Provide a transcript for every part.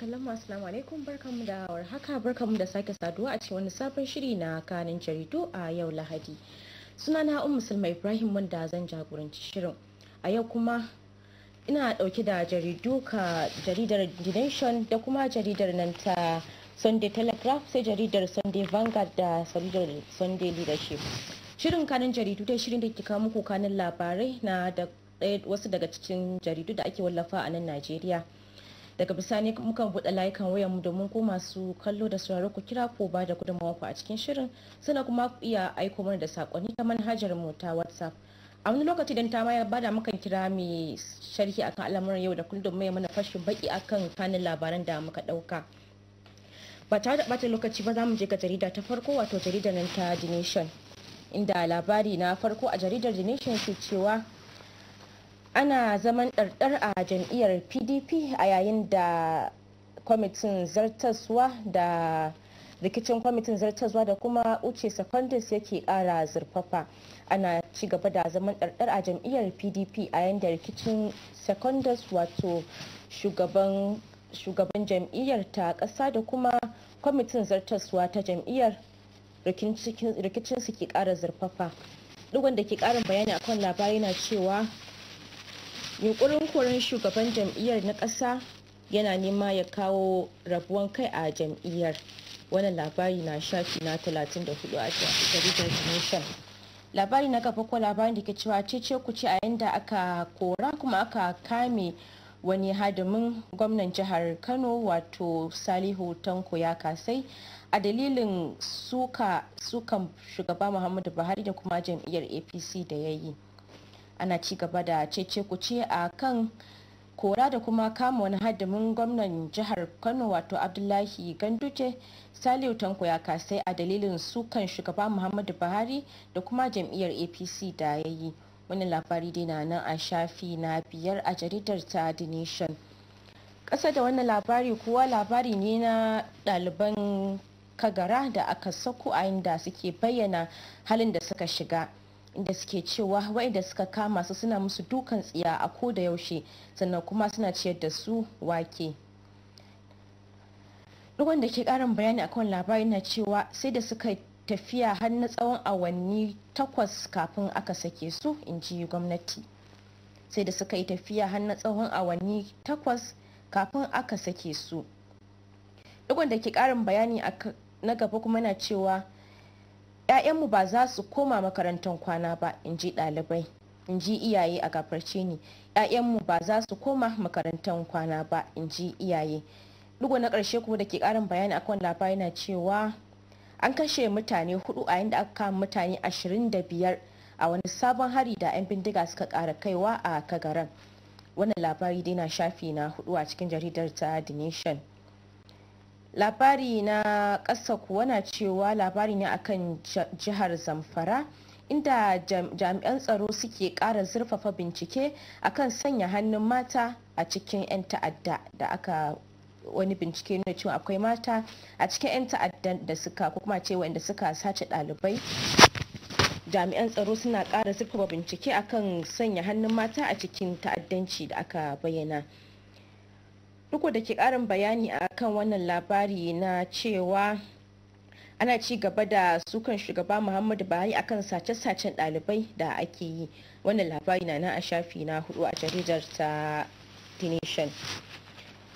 kallon mu assalamu alaikum barkamu da warhaka barkamu da sake saduwa a cikin wani sabon shiri na kanin jaridu a yau lahadi suna na ummu sulma ibrahim wanda zan jagoranci shirin a yau kuma ina dauke da jaridu ka jaridar the nation da kuma jaridar nan ta sunday telegraph sai jaridar sunday vanguard da jaridar sunday leadership shirin kanin jaridu dai shirin da ke kawo muku kanin labarai na da wasu daga cikin jaridu da ake wallafa a nan najeriya daga bisani mukan buɗe layukan wayar mu domin ko masu kallo da sauraro ku kira ko ba da gudunmawa ku a cikin shirin sannan kuma ku iya aiko mana da sakonni ta manhajar mu ta whatsapp a wani lokaci dan ta ya bada mukan kira mai sharhi akan al'amuran yau da kullum domin mana fashin baki akan kanin labaran da muka ɗauka ba ta da ɓata lokaci ba za mu je ga jarida ta farko wato jaridar nan ta the nation inda labari na farko a jaridar the nation ke cewa ana zaman ɗarɗar a jam'iyyar pdp a yayin da kwamitin zartaswa da rikicin kwamitin zartaswa da kuma uce secondus yake ƙara zurfafa ana ci gaba da zaman ɗarɗar a jam'iyyar pdp a yayin da rikicin secondus wato shugaban shugaban jam'iyyar ta ƙasa da kuma kwamitin zartaswa ta jam'iyyar rikicin su ke ƙara zurfafa duk da ke ƙarin bayani akan labari na cewa yunkurin koren shugaban jam'iyyar na ƙasa yana nema ya kawo rabuwan kai a jam'iyyar wannan labari na shafi na 34 a jaridar nation labari na gaba ko labarin da ke cewa cece ku ce a yanda aka kora kuma aka kame wani hadimin gwamnan jihar kano wato salihu tanko ya kasai a dalilin sukan shugaba muhammadu buhari da kuma jam'iyyar apc da ya yi ana ci gaba da cece kuce a kan kora da kuma kama wani hadimin gwamnan jihar kano wato abdullahi ganduje saliu tanko ya kasai a dalilin sukan shugaba muhammadu buhari da kuma jam'iyyar apc da ya yi wani labari dai na nan a shafi na biyar a jaridar ta the nation ƙasa da wani labari kuwa labari ne na ɗaliban kagara da aka sako a inda suke bayyana halin da suka shiga inda suke cewa waɗanda suka kama su suna musu dukan tsiya a ko da yaushe sannan kuma suna ciyar da su wake ruwan da ke karin bayani akan labarin na cewa sai da suka tafiya har na tsawon awanni takwas kafin aka sake su in ji gwamnati sai da suka yi tafiya har na tsawon awanni takwas kafin aka sake su ɗigon da ke karin bayani na gaba kuma na cewa 'ya'yanmu ba za su koma makarantar kwana ba in ji ɗalibai in ji iyaye a gafarce ni 'ya'yanmu ba za su koma makarantar kwana ba in ji iyaye dugo na ƙarshe kuma da ke ƙarin bayani akan labari na cewa an kashe mutane hudu a yadda aka kama mutane 25 a wani sabon hari da 'yan bindiga suka ƙara kaiwa a kagaran wannan labari dai na shafi na hudu a cikin jaridar ta the nation labari na ƙasa kuwa na cewa labari ne akan jihar zamfara inda jami'an tsaro suke ƙara zurfafa bincike akan sanya hannun mata a cikin 'yan ta'adda da aka wani bincike nuna cewa akwai mata a cikin 'yan ta'adda da suka ko kuma ce wanda suka sace ɗalibai jami'an tsaro suna ƙara zurfafa bincike akan sanya hannun mata a cikin ta'addanci da aka bayyana duk da ke karin bayani a kan wannan labari na cewa ana ci gaba da sukan shugaba muhammadu buhari akan sace-sacen dalibai da ake yi wannan labari na nan a shafi na hudu a jaridar ta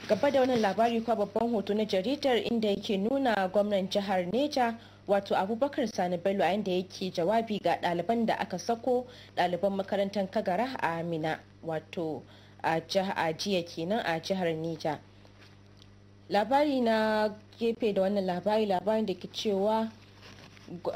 gaba da wannan labari kuwa babban hoto na jaridar inda yake nuna gwamnan jihar neja wato abubakar sani bello a inda yake jawabi ga ɗaliban da aka sako ɗaliban makarantar kagara a amina wato a jiya kenan a jihar Nija. Labari na gefe da wannan labari labarin da ke cewa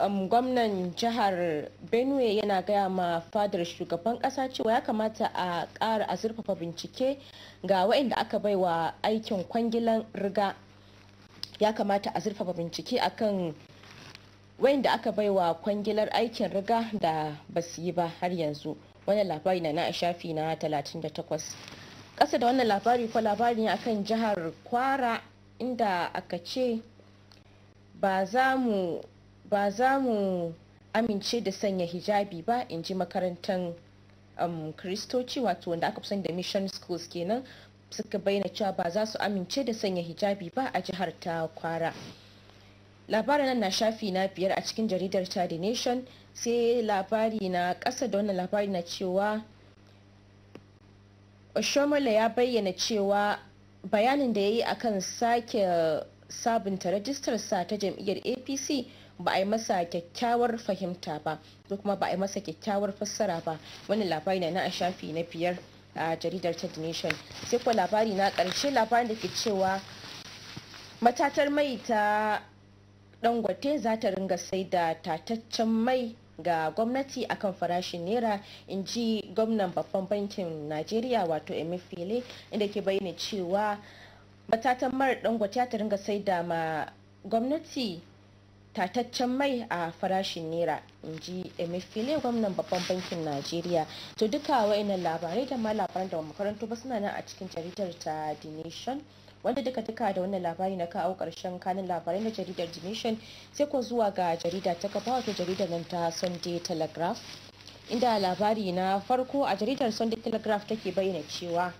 um, gwamnan jihar benue yana gaya ma fadar shugaban kasa cewa ya kamata a ƙara a zurfafa bincike ga waɗanda aka bai wa aikin kwangilan riga ya kamata a zurfafa bincike akan waɗanda aka bai wa kwangilar aikin riga da basu yi ba har yanzu wannan labari na a shafi na 38 Kasa da wannan labari ko labari ne akan jihar kwara inda aka ce ba za mu amince da sanya hijabi ba in ji makarantar um, kristoci wato wanda aka fi sani da mission schools kenan suka bayyana cewa ba za su amince da sanya hijabi ba a jihar ta kwara labarin nan na shafi na biyar a cikin jaridar ta the nation sai labari na ƙasa da wannan labari na cewa oshomola ya bayyana cewa bayanin da ya yi akan sake sabunta rajistarsa ta jam'iyyar apc ba a yi masa kyakkyawar fahimta ba ko kuma ba a yi masa kyakkyawar fassara ba wannan labari na a shafi na biyar a jaridar ted nation sai kuwa labari na ƙarshe labarin da ke cewa matatar mai ta dangote za ta ringa sai da tataccen mai ga gwamnati akan farashin nera in ji gwamnan babban bankin najeriya wato emefiele inda ke bayyana cewa matatan mara dangote ta ringa sai da ma gwamnati tataccen mai a farashin nera in ji emefiele gwamnan babban bankin najeriya to duka wa'annan labarai da ma labaran da makarantu ba suna nan a cikin jaridar ta the wanda duka duka da wannan labari na kawo karshen kanin labarai na jaridar nation sai ko zuwa ga jarida ta kafa wato jaridar nan ta sunday telegraph inda labari na farko a jaridar sunday telegraph take bayyana cewa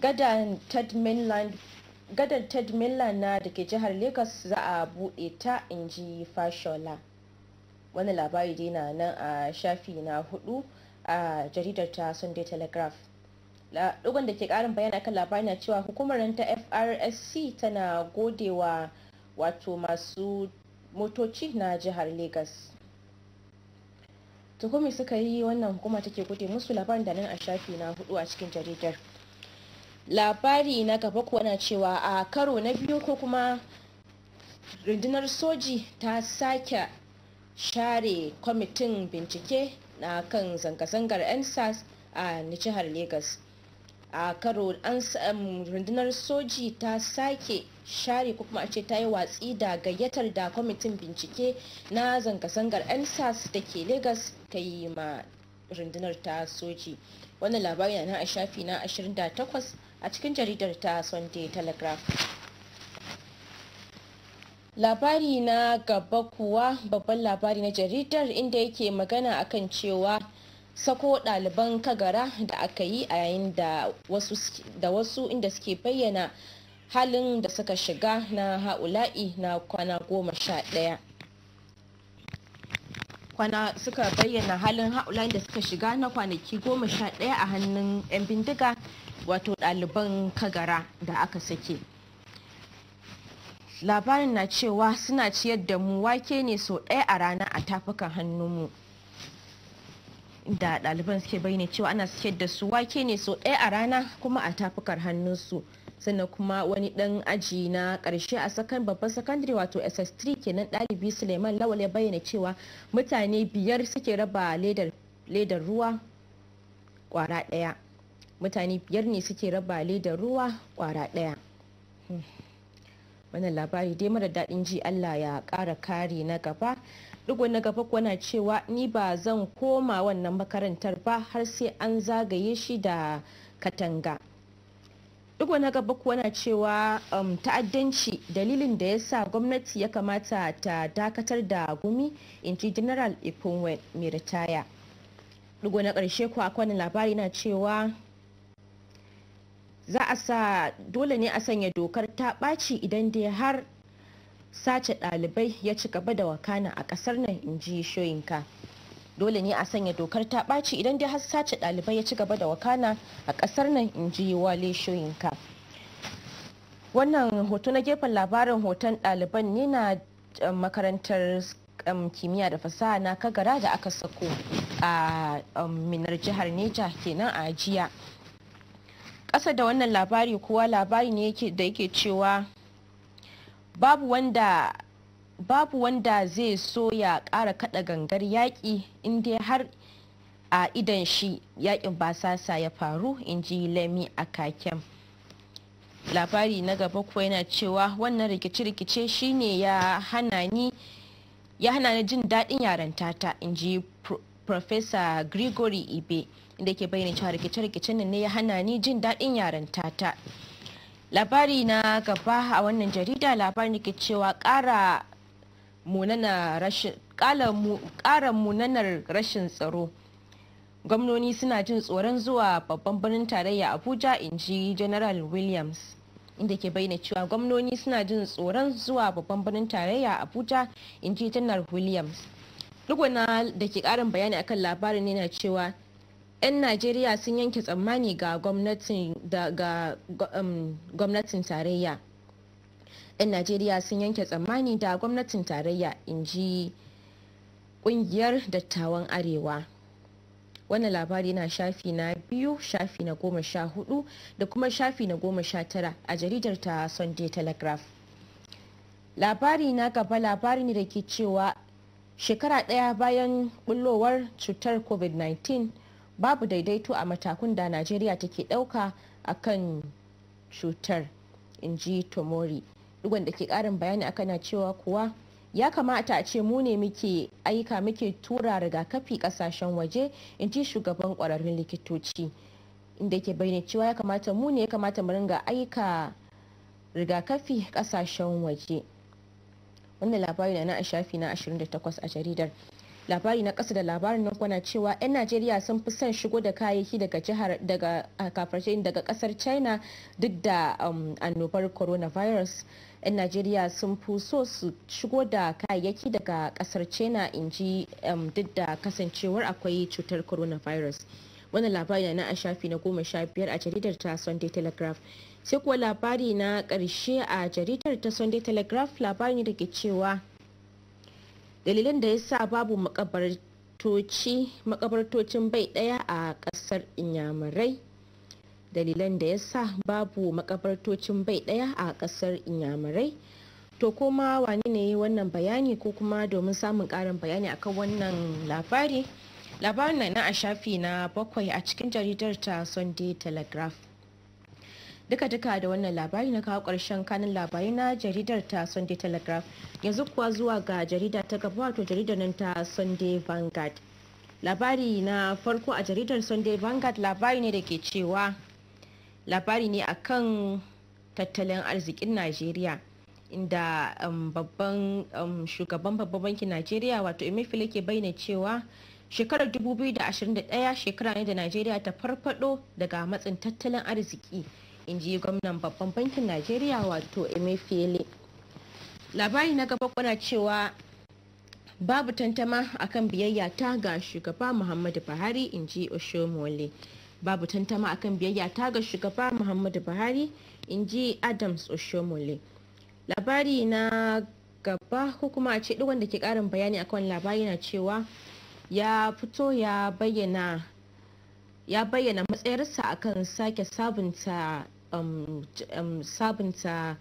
gadan ted mainland gadar ted mainland na da ke jihar lagos za a buɗe ta in ji fashola wani labari dai na nan a shafi na hudu a jaridar ta sunday telegraph Dogon da ke karin bayani kan labarin na cewa hukumar ta FRSC tana godewa wato masu motoci na jihar Legas. Tukumi suka yi wannan hukuma take gode musu labarin da nan a shafi na hudu a cikin jaridar. Labari na gaba kuwa na cewa a karo na biyu ko kuma rundunar soji ta sake share kwamitin bincike na kan zanga-zangar 'yan a jihar Legas. a karo an rundunar soji ta sake share ko kuma a ce ta yi watsi da gayyatar da kwamitin bincike na zanga-zangar nsas da ke lagos ta yi ma rundunar ta soji wannan labari na a shafi na 28 a cikin jaridar ta sunday telegraph labari na gaba kuwa babban labari na jaridar inda yake magana akan cewa sako ɗaliban kagara da aka yi a yayin da wasu inda suke bayyana halin da suka shiga na haula'i na kwana goma sha ɗaya kwana suka bayyana halin haula'i da suka shiga na kwanaki goma sha ɗaya a hannun 'yan bindiga wato ɗaliban kagara da aka sake labarin na cewa suna ciyar da mu wake ne sau ɗaya a rana a tafukan mu. da ɗaliban suke bayyana cewa ana siyar da su wake ne so ɗaya a rana kuma a tafukar hannunsu sannan kuma wani ɗan aji na ƙarshe a sakan babban sakandare wato ss3 kenan ɗalibi suleiman lawal ya bayyana cewa mutane biyar suke raba ledar ruwa kwara ɗaya mutane biyar ne suke raba ledar ruwa kwara ɗaya hmm. wannan labari dai mara daɗin ji allah ya ƙara kare na gaba Rigon na gaba na cewa ni ba zan koma wannan makarantar ba har sai an zagaye shi da katanga. Rigo na gaba kuwa na cewa um, ta'addanci dalilin da ya sa gwamnati ya kamata ta dakatar da gumi in ji General Ipunwe mai ritaya. Rigo na ƙarshe kuwa kwanan labari na cewa za a sa dole ne a sanya dokar ta ɓaci idan dai har sace ɗalibai ya ci gaba da wakana a ƙasar nan in ji shoyinka dole ne a sanya dokar ta ɓaci idan dai har sace ɗalibai ya ci gaba da wakana a ƙasar nan in ji wale shoyinka wannan hoto na gefen labarin hoton ɗaliban ne na eh, makarantar um, kimiyya da fasaha na kagara da aka sako a um, minar jihar neja kenan a jiya ƙasa da wannan labari kuwa labari ne da yake cewa babu wanda babu wanda zai so ya kara kaɗa gangar yaƙi dai har a idan shi yaƙin basasa ya faru in ji lemi a kaken labari na gaba kuwa yana cewa wannan rikice-rikice shine ya hana ni ya hana ni jin daɗin yaren tata in ji Profesa Gregory Ibe inda ke bayyana cewa rikice-rikicen ne ya hana ni jin daɗin yaren tata. labari na gaba a wannan jarida labarin ke cewa kara munanar rashin tsaro gwamnoni suna jin tsoron zuwa babban birnin tarayya abuja inji general williams inda ke bayyana cewa gwamnoni suna jin tsoron zuwa babban birnin tarayya abuja inji general williams rigona da ke karin bayani akan labarin na cewa 'yan najeriya sun yanke tsammani ga um, gwamnatin tarayya 'yan najeriya sun yanke tsammani da gwamnatin tarayya in ji kungiyar dattawan arewa wannan labari na shafi na biyu shafi na goma sha hudu da kuma shafi na goma sha tara a jaridar ta sunday telegraph labari na gaba labari ne da ke cewa shekara daya bayan bullowar cutar covid-19 babu daidaito a matakun da najeriya take ɗauka a kan cutar in ji tomori digon da ke karin bayani akan na cewa kuwa ya kamata a ce mu ne muke aika muke tura rigakafi kasashen waje in ji shugaban kwararrun likitoci inda ke bayyana cewa ya kamata mu ne ya kamata mu ringa aika rigakafi kasashen waje wannan labari na na shafi na 28 a jaridar labari na kasa da labarin nan kwana cewa 'yan najeriya sun fi son shigo da kayayyaki daga jihar daga kafarshen daga kasar china duk da um, annobar coronavirus 'yan najeriya sun fi so su shigo da kayayyaki daga kasar china in ji um, duk da kasancewar akwai cutar coronavirus wannan labari na a shafi na goma sha biyar a jaridar ta sunday telegraph sai kuwa labari na karshe a jaridar ta sunday telegraph labari ne da ke cewa dalilin da ya sa babu makabartocin bai daya a kasar inyamurai dalilan da ya sa babu makabartocin bai daya a kasar inyamurai to kuma wani ne wannan bayani ko kuma domin samun karin bayani akan wannan labari labarin na a shafi na bakwai a cikin jaridar ta sunday telegraph duka duka da wannan labari na kawo ƙarshen kanin labari na jaridar ta sunday telegraph yanzu kuwa zuwa ga jarida ta gaba wato jaridar nan ta sunday vanguard labari na farko a jaridar sunday vanguard labari ne da ke cewa labari ne akan tattalin arzikin nigeria inda um, babban um, shugaban babban bankin nigeria wato emefiele ke bayyana cewa shekarar 2021 shekara ne da najeriya ta farfado daga matsin tattalin arziki in ji gwamnan babban bankin najeriya wato emefiele labari na gaba kuna cewa babu tantama akan biyayya ta ga shugaba muhammadu buhari in ji oshomole babu tantama akan biyayya ta ga shugaba muhammadu buhari in ji adams oshomole labari na gaba ko kuma a ce wanda ke karin bayani akan labari na cewa ya fito ya bayyana ya bayyana matsayarsa akan sake sabunta Um, um, sabunta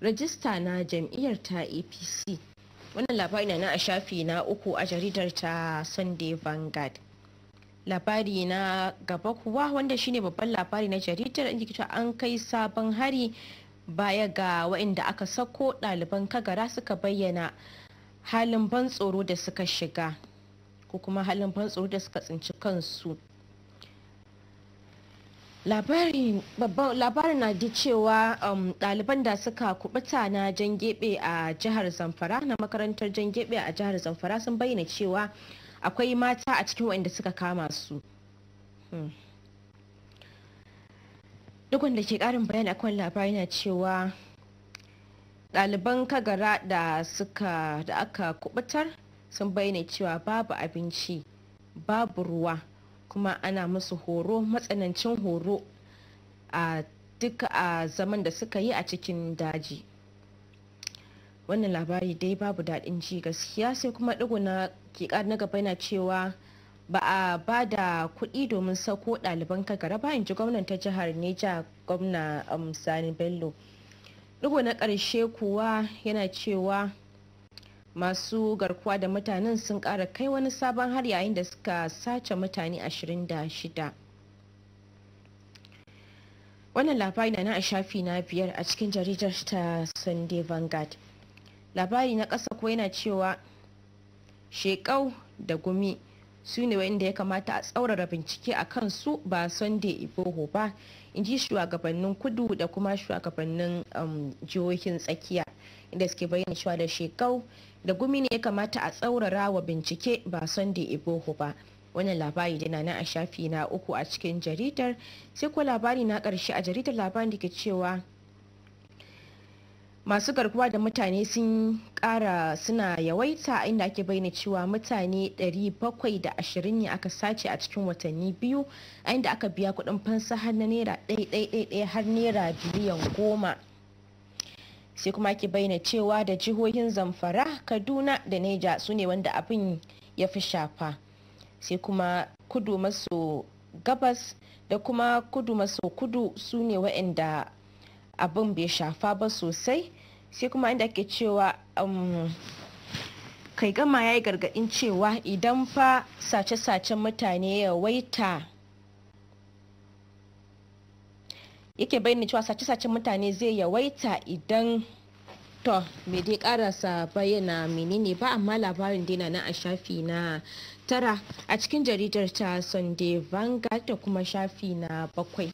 rajista na jam'iyyar ta apc wannan labari na a shafi na uku a jaridar ta sunday vanguard labari na gaba kuwa wanda shine babban labari na jaridar inda an kai sabon hari baya ga waɗanda aka sako ɗaliban kagara suka bayyana halin ban tsoro da suka shiga ko kuma halin ban tsoro da suka tsinci kansu labarin na da cewa daliban um, da suka kubuta na jan geɓe a jihar zamfara na makarantar jan geɓe a jihar zamfara sun bayyana cewa akwai mata a cikin waɗanda suka kama su hmm. duk wanda ke karin bayani akwai labari na cewa ɗaliban kagara da suka da aka kubutar sun bayyana cewa babu abinci babu ruwa kuma ana musu horo matsanancin horo a duka a zaman da suka yi a cikin daji wannan labari dai babu daɗin ji gaskiya sai kuma ɗuguna na na gaba yana cewa ba a ba da kuɗi domin sauko ɗaliban kagara ba in ji gwamnan ta jihar neja gwamna um, sani bello ɗigo na ƙarshe kuwa yana cewa masu garkuwa da mutanen sun kara kai wani sabon har yayin da suka sace mutane 26 wannan labari na a shafi na biyar a cikin jaridar ta sunday vanguard labari na ƙasa ko yana cewa shekau da gumi su ne wa'inda ya kamata a tsaurara bincike a kansu ba sunday iboho ba in ji shugabannin kudu da kuma shugabannin um, jihohin tsakiya inda suke bayyana cewa da shekau da gumi ne ya kamata a tsaurara wa bincike ba sunday iboho ba wannan labari yana nan a shafi na uku a cikin jaridar sai ko labari na karshe a jaridar labarin da ke cewa masu garkuwa da mutane sun kara suna yawaita inda ake bayyana cewa mutane 720 ne aka sace a cikin watanni biyu a inda aka biya kudin fansa har na naira 111 har naira biliyan goma sai kuma ki bayyana cewa da jihohin zamfara kaduna da neja su ne wanda abin ya fi shafa sai kuma kudu maso gabas da kuma kudu maso kudu su ne waɗanda abin bai shafa ba sosai sai kuma inda ke cewa um, kai gama ya yi gargaɗin cewa idan fa sace-sacen mutane ya waita yake bayyana cewa sace-sacen mutane zai yawaita idan to me dai karasa bayyana menene ba amma labarin daina na a shafi na tara a cikin jaridar ta sunday vanguard da kuma shafi na bakwai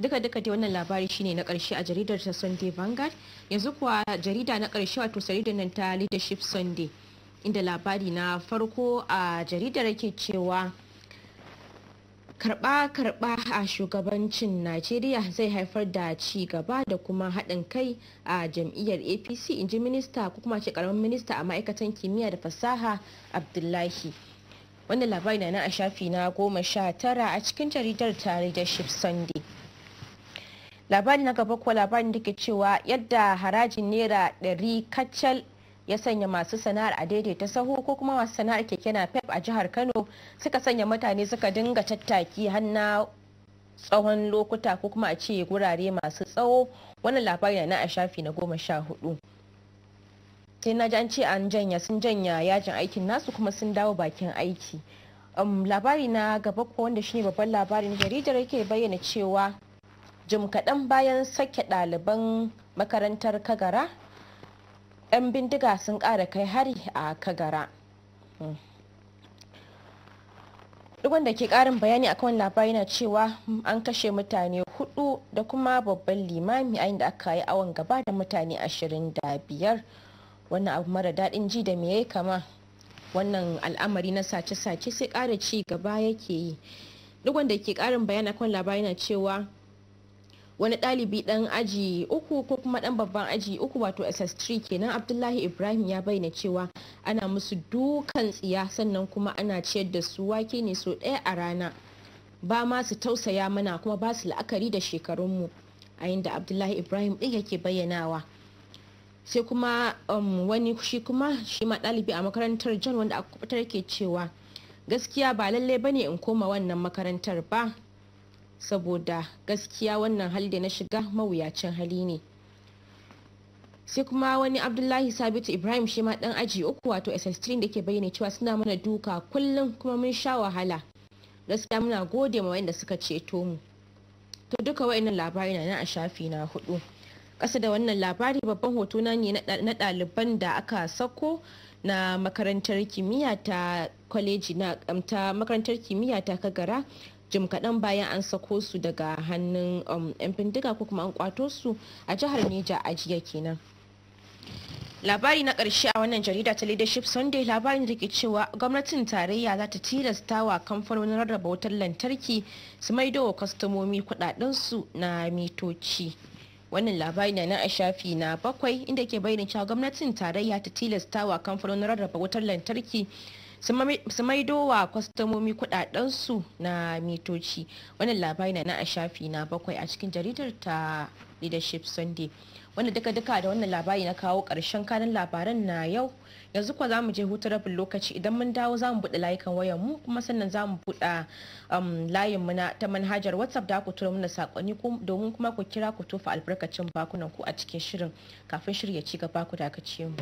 duka duka dai wannan labari shine na karshe a jaridar ta sunday vanguard yanzu kuwa jarida na karshe wato jaridar nan ta leadership sunday inda labari na farko a jaridar yake cewa karba-karba a shugabancin najeriya zai haifar da ci gaba da kuma haɗin kai a jam'iyyar apc in ji minista ko kuma ce karamin minista a ma'aikatan kimiyya da fasaha abdullahi wannan labari na a shafi na goma sha tara a cikin jaridar tare da ship sunday labari na gaba kuwa labarin da ke cewa yadda harajin naira 100 kacal ya sanya masu sana'ar a daidaita sahu ko kuma masu sana'ar keke na pep a jihar kano suka sanya mutane suka dinga tattaki hanna tsawon lokuta ko kuma a ce gurare masu tsawo wannan labari na a shafi na goma sha hudu sai na an ce an janya sun janya yajin aikin nasu kuma sun dawo bakin aiki um, labari na gaba ko wanda shine babban labarin jaridar yake bayyana cewa jim kaɗan bayan sake ɗaliban makarantar kagara 'yan bindiga sun ƙara kai hari a kagara duk wanda ke ƙarin bayani a kan labari na cewa an kashe mutane hudu da kuma babban limami a da aka yi awon gaba da mutane ashirin da biyar wannan abu mara daɗin ji da me yayi kama wannan al'amari na sace-sace sai ƙara ci gaba yake yi duk wanda ke ƙarin bayani kan labari na cewa wani ɗalibi ɗan aji uku ko kuma ɗan babban aji uku wato ss3 kenan abdullahi ibrahim ya bayyana cewa ana musu dukan tsiya sannan kuma ana ciyar da su wake ne so ɗaya a rana ba ma su tausaya mana kuma ba su la'akari da shekarunmu a yadda abdullahi ibrahim ɗin yake bayyanawa sai kuma um, wani shi kuma shi ma ɗalibi a makarantar john wanda aka kubutar ke cewa gaskiya ba lalle bane in koma wannan makarantar ba saboda gaskiya wannan hali da na shiga mawuyacin hali ne sai kuma wani abdullahi sabitu ibrahim shi ma dan aji uku wato ss3 da ke bayyana cewa suna mana duka kullum kuma mun sha wahala gaskiya muna gode ma wayanda suka ceto mu to duka wayannan labari na a shafi na hudu kasa da wannan labari babban hoto na ne na ɗaliban da aka sako na makarantar kimiyya ta na makarantar kimiyya ta kagara jim kaɗan bayan an sako su daga hannun um, 'yan bindiga ko kuma an kwato su a jihar neja a jiya kenan labari na ƙarshe a wannan jarida ta leadership sunday labarin da ke cewa gwamnatin tarayya za ta tilasta wa kamfanonin rarraba wutar lantarki su maido wa kwastomomi su na mitoci wannan labari na nan a shafi na bakwai inda ke bayyana cewa gwamnatin tarayya ta tilasta wa kamfanonin rarraba wutar lantarki su maido wa kwastomomi kudadensu na mitoci wannan labari na a shafi na bakwai a cikin jaridar ta leadership sunday wanda duka duka da wannan labari na kawo karshen kanin labaran na yau yanzu kuwa zamu je hutu rabin lokaci idan mun dawo zamu buɗe layukan wayar mu kuma sannan zamu buɗe um, layin mu na ta manhajar whatsapp da ku tura mana sakonni domin kuma ku kira ku tofa albarkacin bakunan ku a cikin shirin kafin shirya ci gaba ku dakace mu.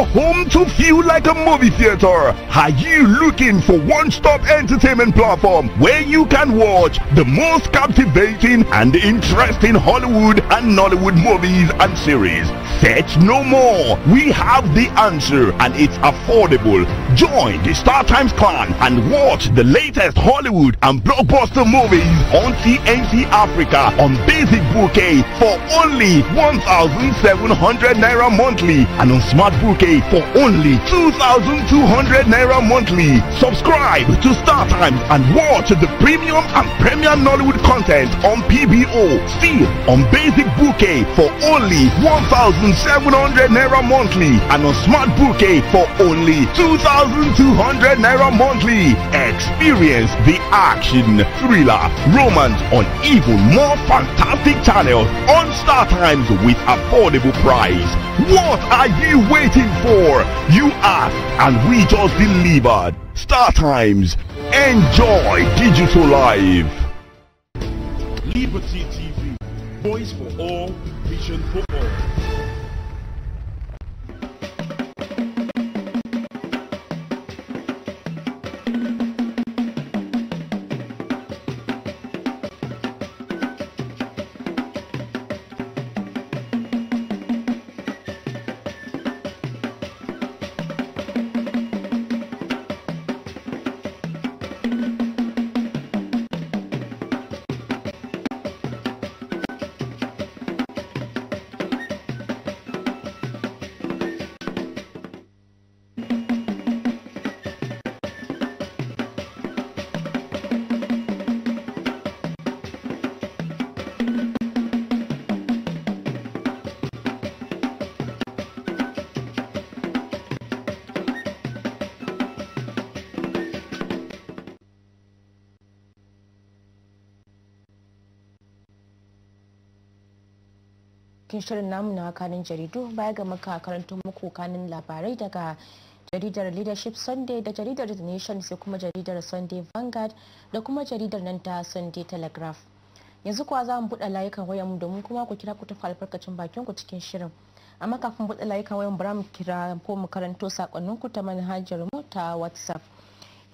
your home to feel like a movie theater? Are you looking for one-stop entertainment platform where you can watch the most captivating and interesting Hollywood and Nollywood movies and series? Search no more. We have the answer and it's affordable Join the Star Times clan and watch the latest Hollywood and blockbuster movies on TNT Africa on Basic Bouquet for only 1,700 Naira monthly and on Smart Bouquet for only 2,200 Naira monthly. Subscribe to Star Times and watch the premium and premium Nollywood content on PBO. See on Basic Bouquet for only 1,700 Naira monthly and on Smart Bouquet for only 2,000 1,200 Naira monthly. Experience the action, thriller, romance on even more fantastic channels on Star Times with affordable price. What are you waiting for? You asked and we just delivered. Star Times. Enjoy digital life. Liberty TV. Voice for all, vision for all. shirin namu na kanin jaridu baya ga muka karanta muku kanin labarai daga jaridar leadership sunday da jaridar the nation sai kuma jaridar sunday vanguard da kuma jaridar nan ta sunday telegraph yanzu kuwa za mu buɗe layukan wayan mu domin kuma ku kira ku tafi albarkacin bakin ku cikin shirin amma kafin buɗe layukan wayan bara mu kira ko mu karanto sakonnin ku ta manhajar mu ta whatsapp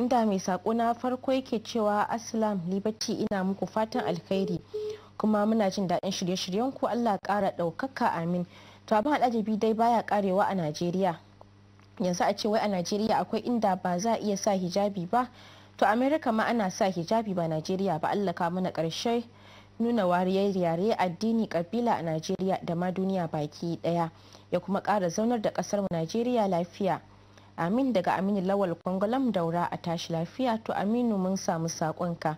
inda mai sako na farko yake cewa aslam liberty ina muku fatan alkhairi kuma muna jin daɗin shirye-shiryen ku Allah ƙara ɗaukaka amin to abin al'ajabi dai baya ƙarewa a Najeriya yanzu a ce wai a Najeriya akwai inda ba za a iya sa hijabi ba to Amerika ma ana sa hijabi ba Najeriya ba Allah ka mana ƙarshe nuna wariyar yare addini kabila a Najeriya da ma duniya baki ɗaya ya kuma ƙara zaunar da ƙasar mu Najeriya lafiya amin daga aminu lawal kwangolam daura a tashi lafiya to aminu mun samu saƙonka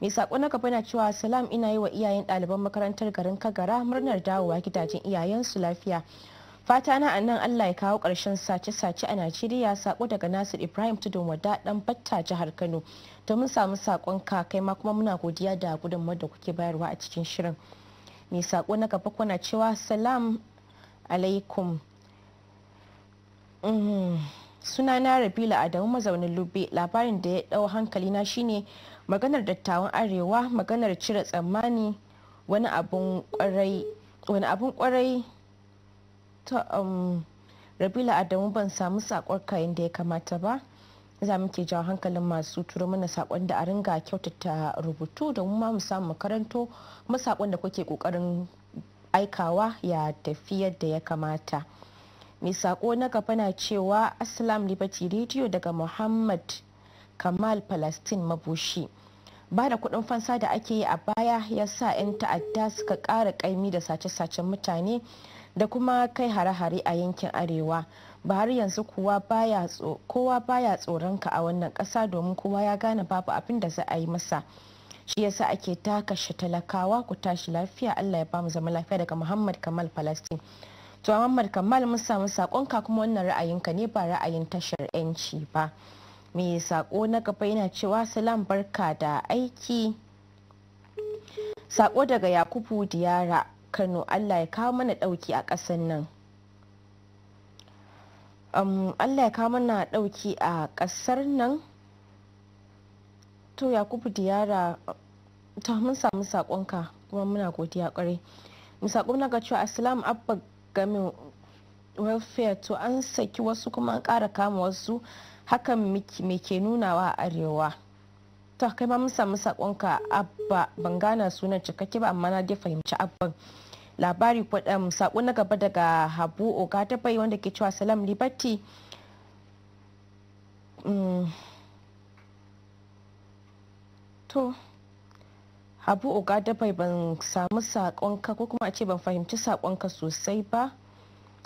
mai sako na gaba na cewa salam ina yi wa iyayen ɗaliban makarantar garin kagara murnar dawowa gidajen iyayensu lafiya fata na nan allah ya kawo ƙarshen sace-sace a najeriya sako daga nasir ibrahim tudun wada dan batta jihar kano domin samu sakon kai ma kuma muna godiya da gudunmawar da kuke bayarwa a cikin shirin mai sako na gaba kuna cewa salam alaikum mm. na rabila adamu mazaunin lube labarin da ya dau hankali na shine maganar dattawan arewa maganar cire tsammani wani abun kwarai ta um, rabila adamu ban samu sakon kayan da ya kamata ba za mu ke jawo hankalin masu turo mana sakon da a ringa kyautata rubutu da mu ma mu samu karanto kuma sakon da kuke kokarin aikawa ya tafi yadda ya kamata mai sako na gaba na cewa aslam liberty rediyo daga muhammad kamal palestine mabushi ba da kudin fansa da ake yi a baya ya sa 'yan ta'adda suka kara kaimi da sace-sacen mutane da kuma kai hare-hare a yankin arewa ba har yanzu kowa baya tsoron ka a wannan kasa domin kowa ya gane babu abin da za a yi masa shi yasa ake takashe shi talakawa ku tashi lafiya allah ya ba mu zama lafiya daga muhammad kamal palestine to muhammad kamal mun samu saƙonka kuma wannan ra'ayinka ne ba ra'ayin tashar 'yanci ba mai sako na gaba yana cewa salam barka da aiki sako daga yakubu diyara kano allah ya kawo mana dauki a kasan nan um, allah ya kawo mana dauki a kasar nan to yakubu diyara ta mun samu sakonka kuma muna godiya kwarai mu na ga cewa assalam abba game welfare to an saki wasu kuma an kara kama wasu hakan me ke nunawa a arewa Ta kai ma mun samu sakonka abba ban gana sunan cikakke ba amma na dai fahimci abban labari kwadam um, sako na gaba daga habu oga bai wanda ke cewa salam liberty mm. to habu oga dabai ban samu sakonka ko kuma a ce ban fahimci sakonka sosai ba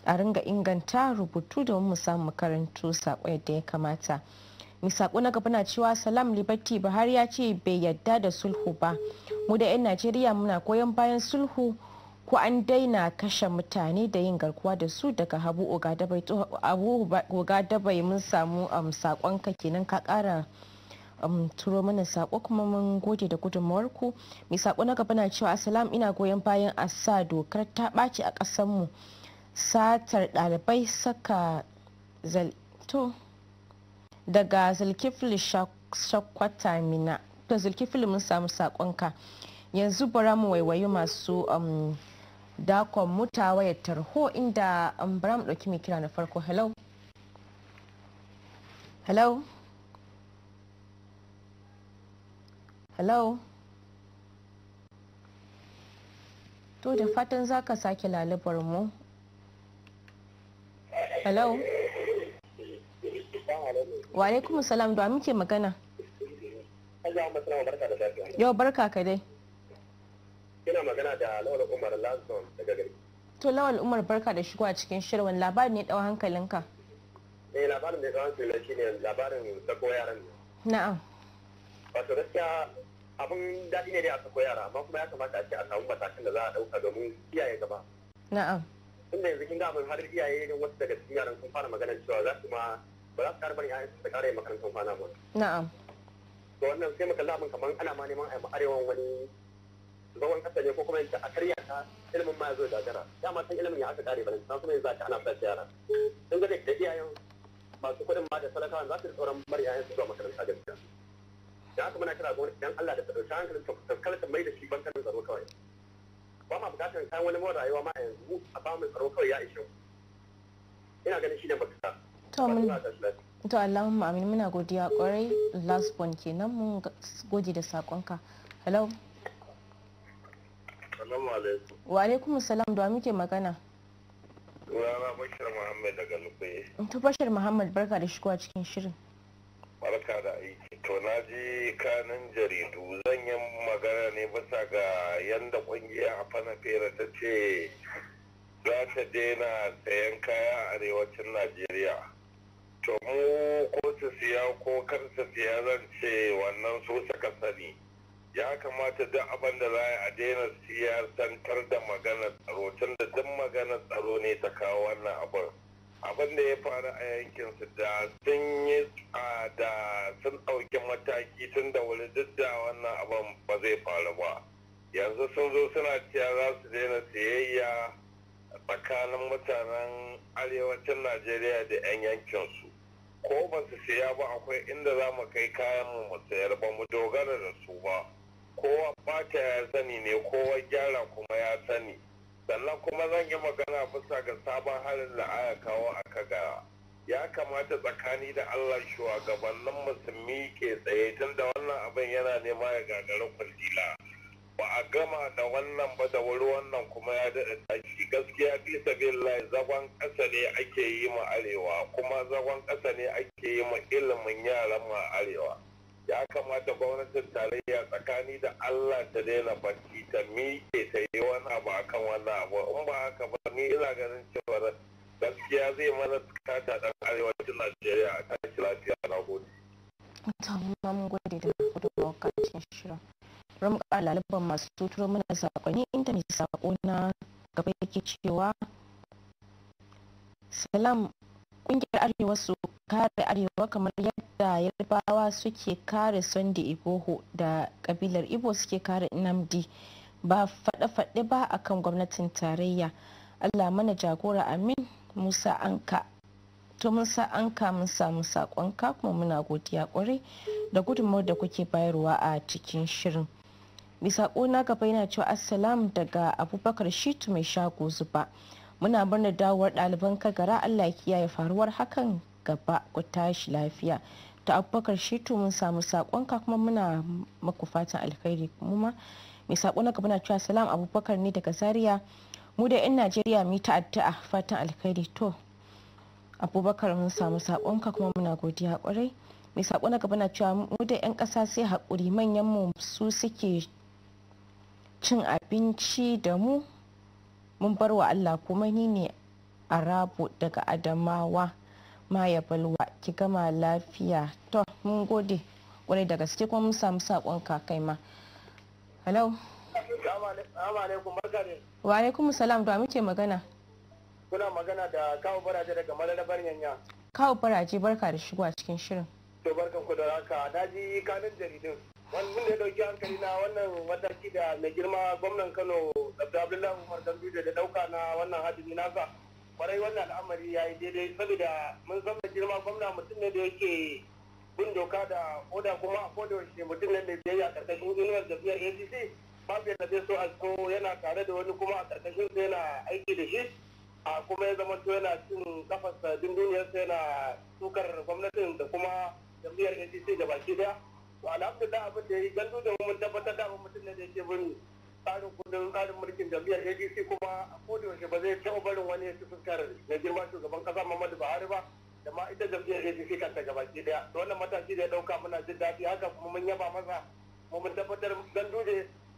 a ringa inganta rubutu da mu samu karanto sako yadda ya kamata mai sako na gaba na cewa salam liberty buhari ya ce bai yadda da sulhu ba mu da 'yan najeriya muna koyon bayan sulhu ko an daina kashe mutane da yin garkuwa da su daga habu ogadabai mun samu um, ka kenan ka kara um, turo mana sako kuma mun gode da ku mai sako na gaba na cewa asalam ina goyon bayan a dokar ta ɓaci a ƙasarmu mu satar ɗalibai saka zalto daga zulkifli shakwata mina to zulkifli mun samu sakonka yanzu bara mu waiwayi masu um, dakon muta ya tarho inda um, bara mu ɗauki mai kira na farko hello hello hello to da fatan zaka sake lalubar mu hello wa alaikum salam da muke magana yau barka ka dai kina magana da lawal umar lanson daga gari to lawal umar barka da shigo a cikin shirwan labarin ne dawo hankalinka eh labarin da ya dau hankalinka shine labarin sako yaran na'am wato gaskiya abin daɗi ne dai a sako yara amma kuma ya kamata a ce a samu matakan da za a ɗauka domin iyaye gaba na'am tunda yanzu kin ga abin har iyaye ne wasu daga cikin yaran sun fara magana cewa za su ma ba za su ƙara bari yayan su ƙara yin makarantar kwana ba na'am to wannan sai mu kalli abin kamar ana ma neman a yi arewan wani zaman kasa ne ko kuma yanzu a karya ta ilimin ma ya zo Ya ma san ilimin ya aka kare balance san kuma yanzu za ana fasa yara sun ga da iyayen masu kuɗin ma da talakawan za su yi tsoron bari yayan su zuwa makaranta gaskiya da haka muna kira gwamnati dan Allah da ta dauki hankalin ta kalta mai da shi bankan tsaro kawai ba ma bukatar kayan wani mawar rayuwa ma yanzu a ba mu tsaro kawai ya ishe mu ina ganin shi ne mafita to mun to Allahumma amin muna godiya kwarai last one kenan mun goji da sakonka hello salamu alaikum. Wa alaikum salam da muke magana. wa Rana Bashir Muhammad daga Lukwe. To Bashir Muhammad barka da shigowa cikin shirin. barka da aiki to na ji kanin jaridu zan yi magana ne bisa ga yadda kungiya a fana fera ta ce za ta daina sayan kaya a arewacin najeriya to mu ko ta siya ko kar ta siya zan ce wannan su suka sani ya kamata duk abin da za a daina siyasantar da magana tsaro tun da duk magana tsaro ne ta kawo wannan abin abin da ya faru a yankinsu da sun yi da sun ɗauki mataki tun da wani duk da wannan abin ba zai faru ba yanzu sun zo suna cewa za su daina siyayya tsakanin mutanen arewacin najeriya da 'yan yankinsu ko ba su siya ba akwai inda za mu kai kayan mu mu sayar ba mu dogara da su ba kowa ba ta ya sani ne kowa gyara kuma ya sani sannan kuma zan yi magana bisa ga sabon halin da aya kawo a kaga ya kamata tsakani da allah shugabannin musulmi ke tsaye tun da wannan abin yana nema ya gagarin kwalila. ba a gama da wannan ba da wuri wannan kuma ya daɗa tashi gaskiya fi sabilillahi zagon ƙasa ne ake yi ma arewa kuma zagon ƙasa ne ake yi ma ilimin yaran ma arewa ya kamata gwamnatin tarayya tsakani da allah ta daina bacci ta miƙe ta yi wani abu akan wannan abu in ba haka ba ni ina ganin cewa gaskiya zai mana tsakata dan arewacin najeriya a tashi lafiya na gode. ta mun gode da gudunmawar kacin shirin rumka laliban masu tuturo mana saƙonni inda mai saƙo na gaba yake cewa salam kungiyar arewa su kare arewa kamar yadda yarbawa suke kare sunday igbo da kabilar igbo suke kare namdi ba faɗe-faɗe ba akan gwamnatin tarayya allah mana jagora amin musa anka to musa anka mun samu ka kuma muna godiya kwarai da gudunmawar da kuke bayarwa a cikin shirin bisa na gaba yana cewa assalam daga abubakar shitu mai shago zuba muna birnin dawowar ɗaliban kagara allah kiyaye faruwar hakan gaba ku tashi lafiya ta abubakar shitu mun samu sakonka kuma muna maku fatan alkhairi kuma mai sako na gaba na cewa salam abubakar ne daga zaria mu da yan najeriya mu ta addu'a fatan alkhairi to abubakar mun samu sakonka kuma muna godiya kwarai mai sako na gaba na cewa mu da yan ƙasa sai haƙuri manyan mu su suke cin abinci da mu mun bar wa Allah kuma ni ne a rabu daga adamawa maya balwa ki gama lafiya to mun gode kwarai da gaske kuma mun samu sakon kakai ma hello wa alaikum salam da muke magana kuna magana da kawo baraje daga malalabar yanya kawo baraje barka da shigo a cikin shirin to barkan ku da haka na ji kanin jaridun wani da dauki hankali na wannan mataki da mai girma gwamnan kano dr abdullahi umar gambiro da dauka na wannan hadimi nasa kwarai wannan al'amari ya yi daidai saboda mun san da girma gwamna mutum ne da yake bin doka da oda kuma a koda yaushe mutum ne da biyayya karkashin inuwar jam'iyyar apc babu yadda zai so a so yana tare da wani kuma a karkashin sa yana aiki da shi a kuma ya zama to yana cin kafarsa dinduniyarsa yana sukar gwamnatin da kuma jam'iyyar acc da baki daya to alhamdulillah abin da ya yi gandu da mun tabbatar da mutum ne da yake bin tsarin kudin tsarin mulkin jam'iyyar adc kuma ko da yaushe ba zai taɓa barin wani ya kar fuskar na girma shugaban kasa muhammadu buhari ba da ma ita jam'iyyar adc kanta gabaki daya da wannan mataki da ya ɗauka muna jin daɗi haka kuma mun yaba masa mu mun tabbatar gandu da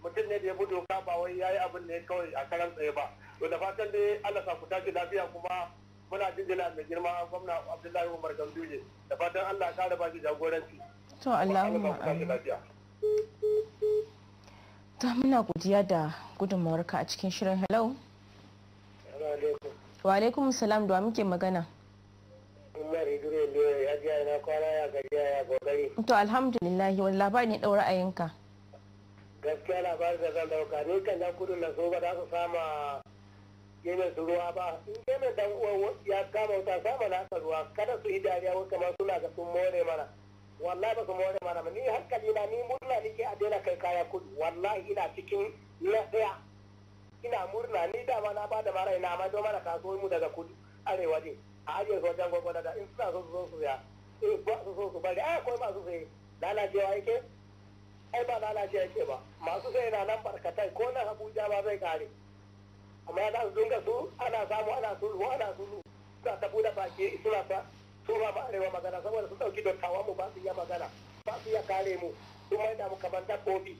mutum ne da ya bi doka ba wai ya yi abin ne kawai a karan tsaye ba to da fatan dai allah sa ku tashi lafiya kuma muna jina mai girma gwamna abdullahi umar gandu da fatan allah ya kara ba shi jagoranci to Allahumma ta muna godiya da gudunmawarka a cikin shirin hello wa alaikum salam da muke magana to alhamdulillah wani labari ne ɗaura ayinka gaskiya labarin da zan dauka ni kan na kudu na so ba za su sama yemen su ruwa ba in yemen dan uwan ya kama wuta sama na ruwa kada su yi dariya wata ma suna ga sun more mana wallahi ba su more mana ni hankali na ni murna nake a daina kai kaya kudu wallahi ina cikin na daya ina murna ni dama na bada mara ina ma zo mana kasuwar mu daga kudu arewa ne a ajiyar su wajen gwagwada da in suna so su zo su ya in ba su so su bari a akwai masu sai lalacewa yake ai ba lalacewa yake ba masu sai na nan barkatai ko na abuja ba zai kare amma za su dinga su ana samu ana sulhu ana sulhu suna ta bude baki suna ta su ba arewa magana saboda su ɗauki dottawa mu ba su iya magana ba su iya kare mu su mai da mu kamar dabbobi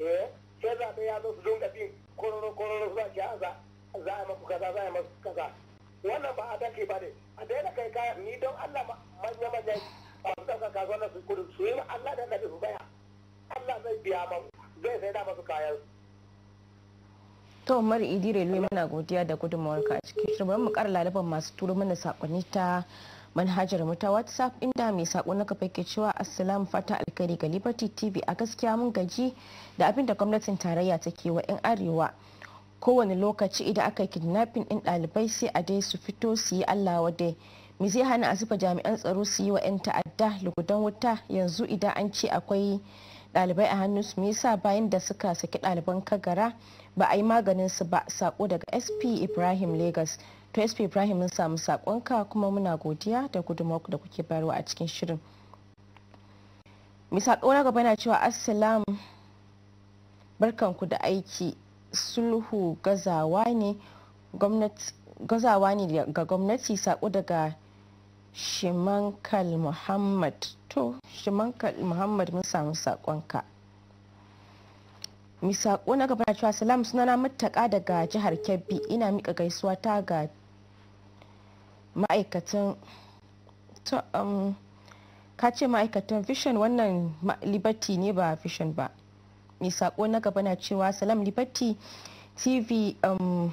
eh sai zaɓe ya zo su dunga bin kororo kororo su zaci za za a maku kaza za a maku kaza wannan ba a dake ba ne a daina kai kaya ni don Allah manya manya ba su ɗauka na su kudu su yi ma Allah da nabi su baya Allah zai biya ba zai sai da masu kayan su ta umar idire muna godiya da gudunmawarka a cikin shirin mu kara lalaban masu turo mana sakonni ta manhajar mu ta whatsapp inda mai sako na kafa ke cewa assalamu fata alkari ga liberty tv a gaskiya mun gaji da abin da gwamnatin tarayya take wa 'yan arewa kowane lokaci idan aka yi kidnapping din ɗalibai sai a dai su fito su yi allah wadai me zai hana a zuba jami'an tsaro su yi wa 'yan ta'adda lugudan wuta yanzu idan an ce akwai dalibai a hannu su me yasa bayan da suka saki ɗaliban kagara ba a yi maganin su ba sako daga sp ibrahim lagos PSP Ibrahim mun samu sakonka kuma muna godiya da gudunmawar da kuke bayarwa a cikin shirin. Misa ɗora gaba yana cewa Assalam barkanku da aiki sulhu gazawa ne gazawa ne ga gwamnati sako daga Shimankal Muhammad. To, Shimankal Muhammad mun samu sakonka. Misa na gaba na cewa suna sunana mutaka daga jihar Kebbi ina mika gaisuwa ta ga ma'aikatan um, ka ce ma'aikatan vision wannan liberty ne ba vision ba mai sako na gaba na cewa salam liberty tv um,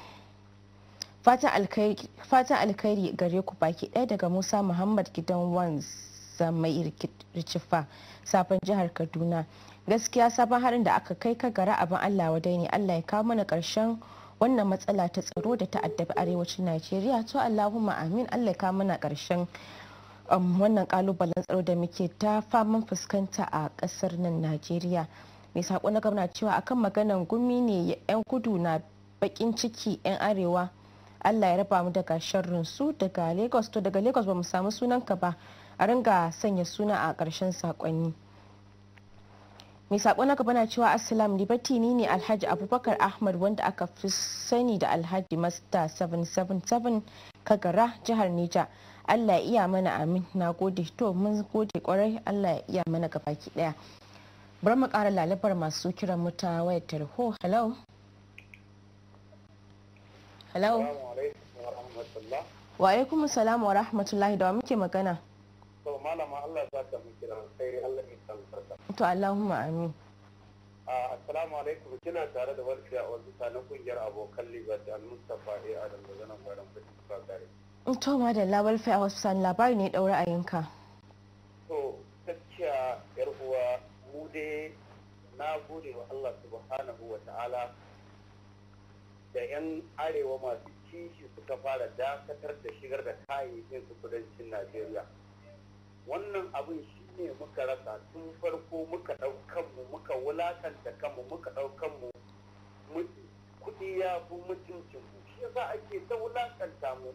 fatan alkhairi gare ku baki ɗaya daga musa muhammad gidan wanza mai ricifa sabon jihar kaduna gaskiya sabon harin da aka kai ka gara abin allah wadai ne allah ya kawo mana ƙarshen wannan matsala ta tsaro da ta addabi arewacin najeriya to allahumma amin allah ka mana karshen um, wannan kalubalen tsaro da muke ta faman fuskanta a kasar nan najeriya mai sako na gwamna cewa akan maganan gumi ne yan kudu na bakin ciki yan arewa allah ya raba mu daga sharrin su daga lagos to daga lagos ba mu samu sunanka ba a ringa sanya suna a ƙarshen sakonni mai sako na gaba na cewa assalam liberty ni ne alhaji abubakar ahmad wanda aka fi sani da alhaji master 777 kagara jihar nija allah ya iya mana amin na gode to mun gode kwarai allah ya iya mana gabaki daya bar mu kara lalabar masu kiran mu ta wayar tarho hello hello wa alaikum salam wa rahmatullahi da wa muke magana to malama allah ya mu kira sai allah ya to Allahumma amin ah, Assalamu alaikum kina tare da wani a wasu na kungiyar abokan Liberty al mustapha A Adam da zanen faran Fatima Kare. To madalla a wasu sa labari ne daura a yanka. To gaskiya yar uwa mu dai na gode wa Allah subhanahu wa ta'ala da yan arewa masu kishi suka fara dakatar da shigar da kayayyakin su kudancin Najeriya. Wannan abin shi ne muka rasa tun farko muka ɗaukan kanmu muka kan kanmu muka mu, kanmu kuɗi ya fi mutuncin mu shi yasa ake ta wulatanta mu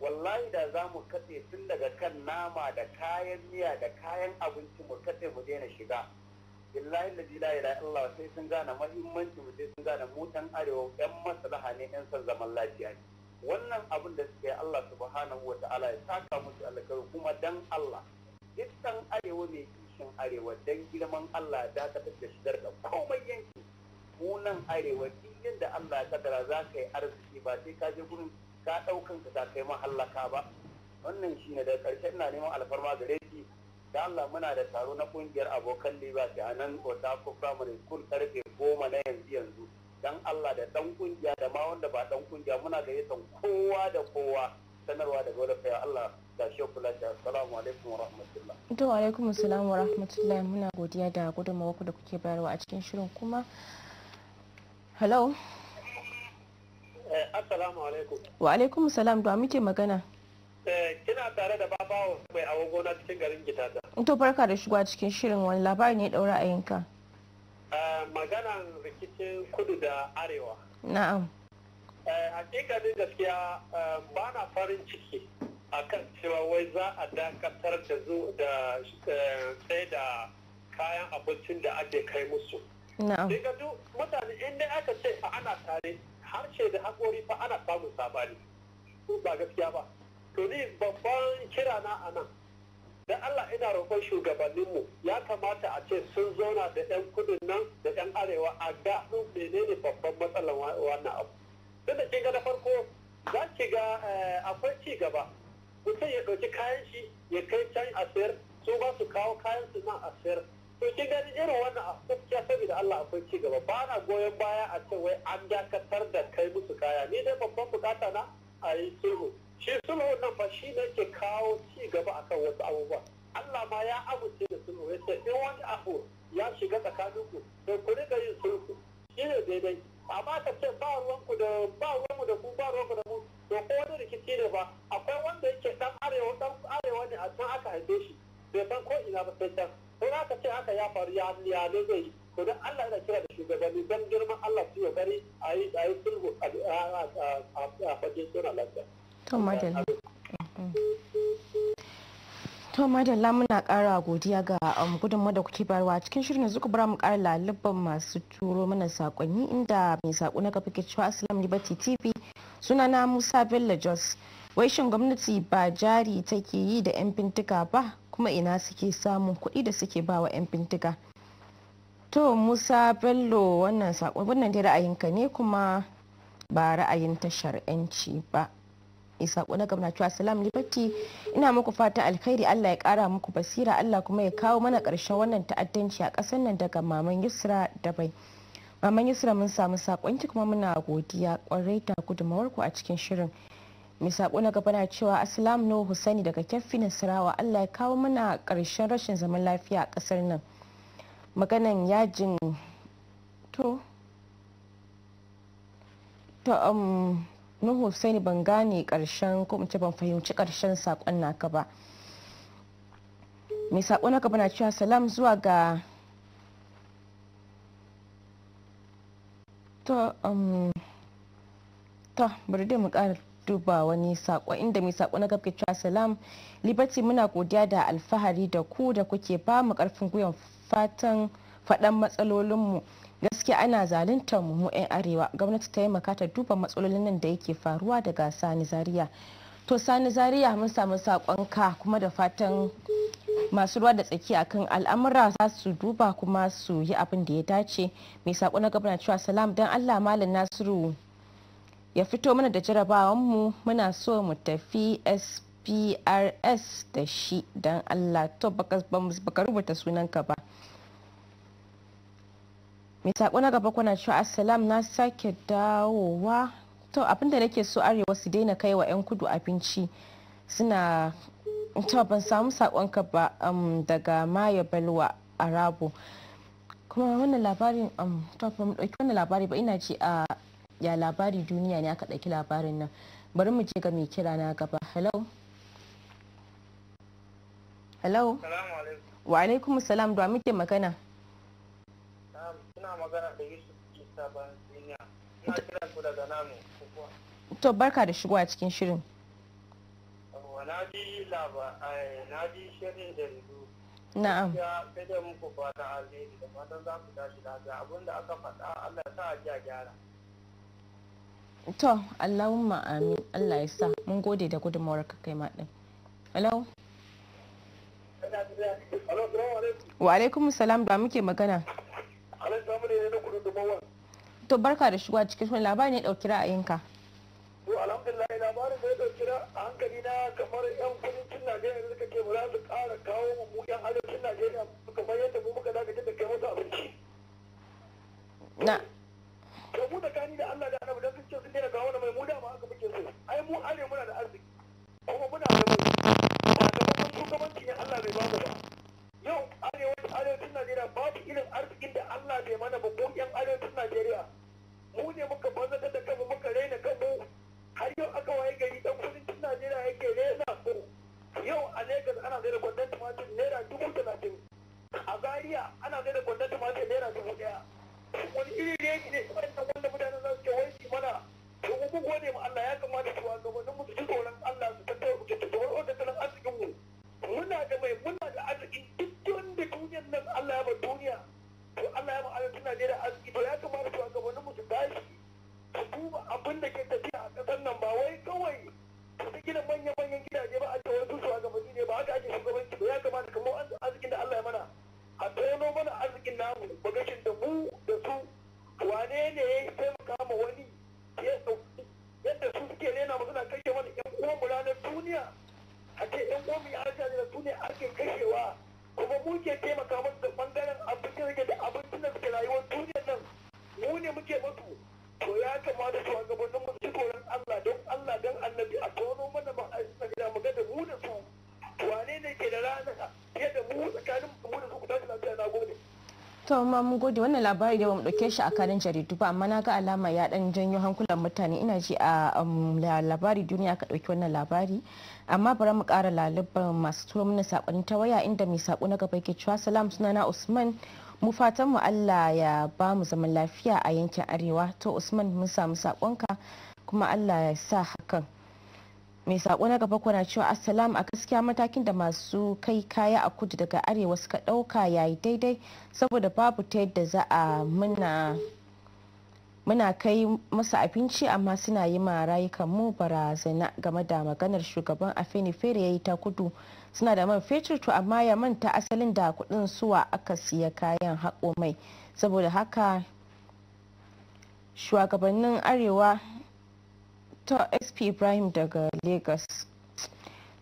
wallahi da za mu katse tun daga kan nama da kayan miya da kayan abinci mu katse mu daina shiga billahi lazi la ilaha Allah sai sun gane mahimmanci mu sai sun gane mu arewa yan maslaha ne yan san zaman lafiya ne wannan abin da suke Allah subhanahu wa ta'ala ya saka musu alƙawari kuma dan Allah duk arewa mai kishin arewa don girman Allah da ta da shigar da komai yanki Munan arewa duk da Allah ya kadara za ka yi arziki ba sai ka je gurin ka ɗaukan ka za ka mahallaka ba wannan shi ne da ƙarshe ina neman alfarma gare ki da Allah muna da taro na ƙungiyar abokan ke a nan ko Primary School karfe goma na yanzu yanzu dan Allah da ɗan ƙungiya da ma wanda ba dan kungiya muna gayyatan kowa da kowa sanarwa daga wadda kai Allah da shi kula da assalamu alaikum wa rahmatullah. To alaikum assalamu wa rahmatullah muna godiya da gudunmawa da kuke bayarwa a cikin shirin kuma. Hello. Eh, assalamu alaikum. Wa alaikum salam da muke magana. Eh, kina tare da babawa mai awo gona cikin garin gitata. To barka da shigo a cikin shirin wani labari ne daura a yanka. Eh, maganan rikicin kudu da arewa. Na'am. ne eh, gaskiya eh, ba na farin ciki akan cewa wai za a dakatar da zo da eh, sai da kayan abincin da ake kai musu. ga duk mutane inda aka ce fa ana tare harshe da haƙori fa ana samun sabani ba gaskiya ba. To ni babban kira na a nan. Da Allah ina roƙon shugabanninmu ya kamata a ce sun zauna da 'yan kudin nan da 'yan arewa a ga menene babban matsalar wannan abu. duk da ga da farko za ki ga eh, akwai ci gaba mutum ya ɗauki kayan shi ya kai can a sayar su ba su kawo kayan su nan a sayar to kin gani irin wannan a gaskiya saboda Allah akwai ci gaba ba na goyon baya a ce wai an dakatar da kai musu kaya ni dai babban bukata na a yi sulhu shi sulhu nan fa shi ne ke kawo ci gaba akan wasu abubuwa Allah ma ya amince da sulhu ya ce in wani abu ya shiga tsakaninku to ku riga yin sulhu shi ne daidai amma ka ce ba ruwanku da ba ruwanmu da ku ba ruwanku da mu to ko wani rikici ne ba akwai wanda yake dan arewa dan arewa ne a can aka haife shi bai san ko ina ba sai can ko za ka ce haka ya faru ya ya ne zai yi to dan Allah yana kira da shugabanni dan girman Allah su gari a yi a yi sulhu a fage suna lafiya. to madalla muna kara godiya ga um, gudunmu da kuke barwa cikin shirin yanzu ku bara mu kara lalubban masu turo mana sakonni inda mai sako na kafa ke cewa aslam tv suna na musa bello jos wai shin gwamnati ba jari take yi da yan bintika ba kuma ina suke samun kuɗi da suke ba wa yan bintika to musa bello wannan sako wannan dai ra'ayinka ne kuma ba ra'ayin tashar 'yanci ba in sako na gwamna cewa salam liberty ina muku fata alkhairi allah ya kara muku basira allah kuma ya kawo mana karshen wannan ta'addanci a kasar nan daga maman yusra dabai maman yusra mun samu sakonki kuma muna godiya kwarai ta ku a cikin shirin mai sako na gaba na cewa aslam no husaini daga kyaffi nasarawa allah ya kawo mana ƙarshen rashin zaman lafiya a kasar nan maganan yajin to to um, nuhu sai ban gane karshen ko ce ban fahimci karshen sakon naka ba mai sakon naka bana cewa salam zuwa ga to um to bari duba wani sako inda mai sako na gabke cewa salam liberty muna godiya da alfahari da ku da kuke ba mu karfin gwiwa fatan faɗan matsalolinmu gaskiya ana zaluntar mu mu 'yan arewa gwamnati ta taimaka ta duba matsalolin nan da yake faruwa daga sani zaria to sani zariya mun samu sakon ka kuma da fatan masu ruwa da tsaki akan al'amura za su duba kuma su yi abin da ya dace mai sako na gwamna cewa salam dan allah malam nasiru ya fito mana da jarabawan mu muna so mu tafi sprs da shi dan allah to baka rubuta sunanka ba mai sako na gaba kuna cewa asalam na sake dawowa to abinda nake so arewa su daina kai wa 'yan kudu abinci suna to ban samu ka ba um, daga maya balwa arabo kuma wannan labarin um, to mu dauki wannan labari ba ina ce a ya labari duniya ne aka dauki labarin nan bari mu je ga mai kira na gaba hello hello wa alaikum salam da muke magana Ina magana da Yusuf Isa Banzinya. Ina kiran ku daga Nano. To barka da shigo a cikin shirin. Na ji eh, na ji shirin da yanzu. Na'am. Ya kada muku fata alheri da matan za ku tashi lafiya abinda aka faɗa Allah sa a ji a gyara. To, Allahumma amin Allah ya sa mun gode da gudunmawar ka kai ma din. Hello. Wa alaikum salam da muke magana. gudunmawar. To barka da shigowa cikin shi labari ne ɗauki ra'ayinka. To alhamdulillah labarin da ya dauki a hankali na kamar 'yan kudancin Najeriya da suka ke ba su kara kawo mu 'yan halittun Najeriya kamar yadda mu muka zaka da kai masa abinci. Na. To mu da kani da Allah da Annabi dan sun ce to ma mun gode wannan labari da bamu dauke shi a kanin jaridu ba amma ga alama ya dan janyo hankulan mutane ina ji a um, labari duniya ka dauki wannan labari amma bari mu kara lalubar masu turo mana sakonni ta waya inda mai sako na gaba yake cewa salam sunana Usman mu fatan mu Allah ya ba mu zaman lafiya a yankin arewa to Usman mun samu sakonka kuma Allah ya sa hakan mai sako na gaba kwana cewa assalam a gaskiya matakin da masu kai kaya a kudu daga arewa suka dauka yayi daidai saboda babu ta yadda za a muna kai masu abinci amma suna yi ma rayukan mu barazana game da maganar shugaban afeni fere ya yi ta kudu suna da man fetur to amma ya manta asalin da kudin suwa aka siya kayan haƙo mai saboda haka shugabannin arewa to sp ibrahim daga lagos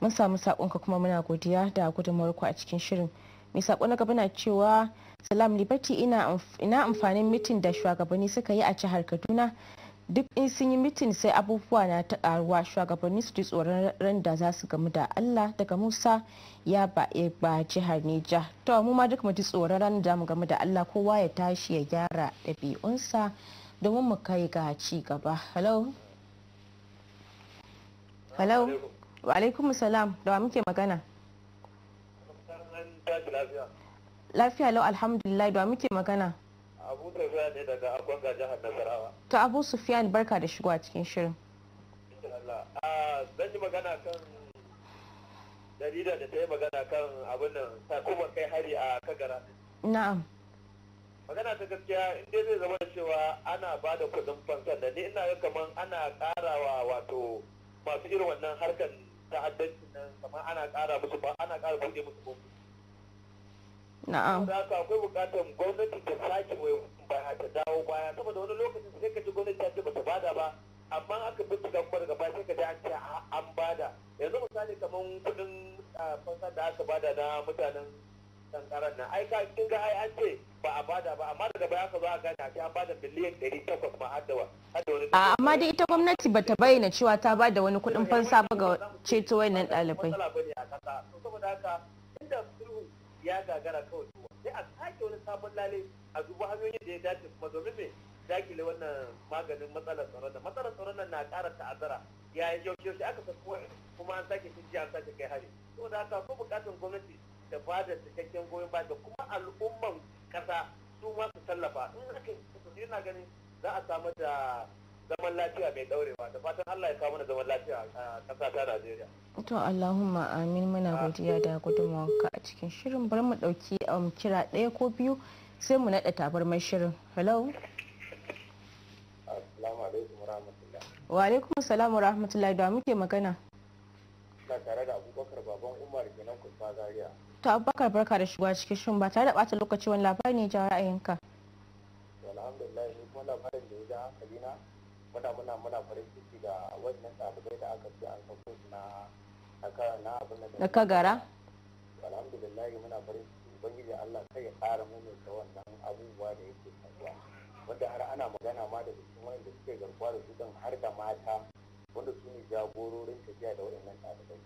mun samu sakonka kuma muna godiya da ku a cikin shirin mai sako na gaba na cewa salam liberty ina amfanin mitin da shugabanni suka yi a jihar kaduna duk in sun yi mitin sai abubuwa na ta karuwa shugabanni su ji tsoron ran da za su gamu da allah daga musa ya ba ba jihar neja to mu ma duk mu ji tsoron ran da mu gamu da allah kowa ya tashi ya gyara ɗabi'unsa domin mu kai ga ci gaba hello Hello. Wa alaikum salam. Da wa muke magana? Lafiya lau alhamdulillah da wa muke magana? Abu Sufyan ne daga Akwanga jihar Nasarawa. ta Abu Sufyan barka da shigo a cikin shirin. Ah, zan yi magana kan jarida da ta yi magana kan abin nan takumar kai hari a kagara. Na'am. magana ta gaskiya inda zai zama cewa ana ba da kudin fansan da ni ina ga kamar ana karawa wato masu irin wannan harkar ta'addanci nan kamar ana ƙara musu ba ana ƙara buɗe musu bofi na'am da haka akwai buƙatar gwamnati ta sake wai baya ta dawo baya saboda wani lokacin sai ka ji gwamnati ta ce bata bada ba amma aka bincika kuma daga baya sai ka ji an ce an bada yanzu misali kamar kuɗin ah, fasa da aka bada na mutanen sankaran nan ai kin ga ai an ce ba a bada ba amma daga baya ka zo a gane a an bada biliyan 800 ma har da wani amma dai ita gwamnati ba ta bayyana cewa ta bada wani kuɗin fansa ba ga ceto wayannan ɗalibai saboda haka inda sulhu ya gagara kawai sai a sake wani sabon lale a duba hanyoyin da ya dace kuma domin me dakile wannan maganin matsalar tsaron nan matsalar tsaron nan na ƙara ta'azzara ya yi yau aka sa kuma an sake shi an sake kai hari saboda haka ko bukatun gwamnati da ba da cikakken goyon ba da kuma al'umman kasa su ma su tallafa in aka yi na ganin za a samu da zaman lafiya mai daurewa da fatan Allah ya kawo mana zaman lafiya a ƙasa ta Najeriya. To Allahumma amin muna godiya da gudunmawarka a cikin shirin bari mu ɗauki um, kira ɗaya ko biyu sai mu naɗa tabarmar shirin. Hello. Assalamu alaikum wa rahmatullahi. Wa alaikum salam wa rahmatullahi da muke magana. barka tare da abubakar baban umar kenan kurfa zaria to abubakar barka da shigowa cikin shirin ba tare da bata lokaci wani labari ne jawo ra'ayinka alhamdulillah ni kuma labarin da ya ja hankali na muna muna muna farin ciki da wannan ɗalibai da aka ce an sako su na na abin da ka gara alhamdulillah muna farin ciki ubangiji allah sai ya ƙara mu mai wannan abubuwa da yake faruwa wanda har ana magana ma da cikin wanda suke garkuwa da su don har da mata wanda su ne jagororin tafiya da waɗannan ɗalibai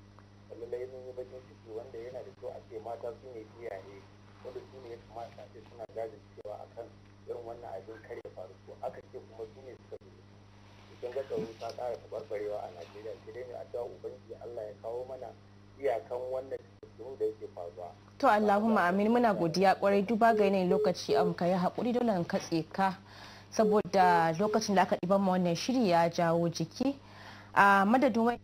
lallai sun yi bakin ciki wanda yana da kyau a ce mata su ne iyaye wanda su ne ya kamata a ce suna jajircewa a kan irin wannan abin kar ya faru ko aka ce kuma su ne suka zo idan ga tsaro ta ƙara tabarbarewa a najeriya sai dai a cewa ubangiji allah ya kawo mana iyakan wannan da yake faruwa to allahumma amin muna godiya kwarai duba ga yanayin lokaci an ka yi haƙuri dole in katse ka saboda lokacin da aka ɗiban ma wannan shiri ya jawo jiki a madadin wai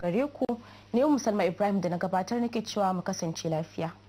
gare ku ne musalma umm ibrahim da na gabatar nake cewa mu kasance lafiya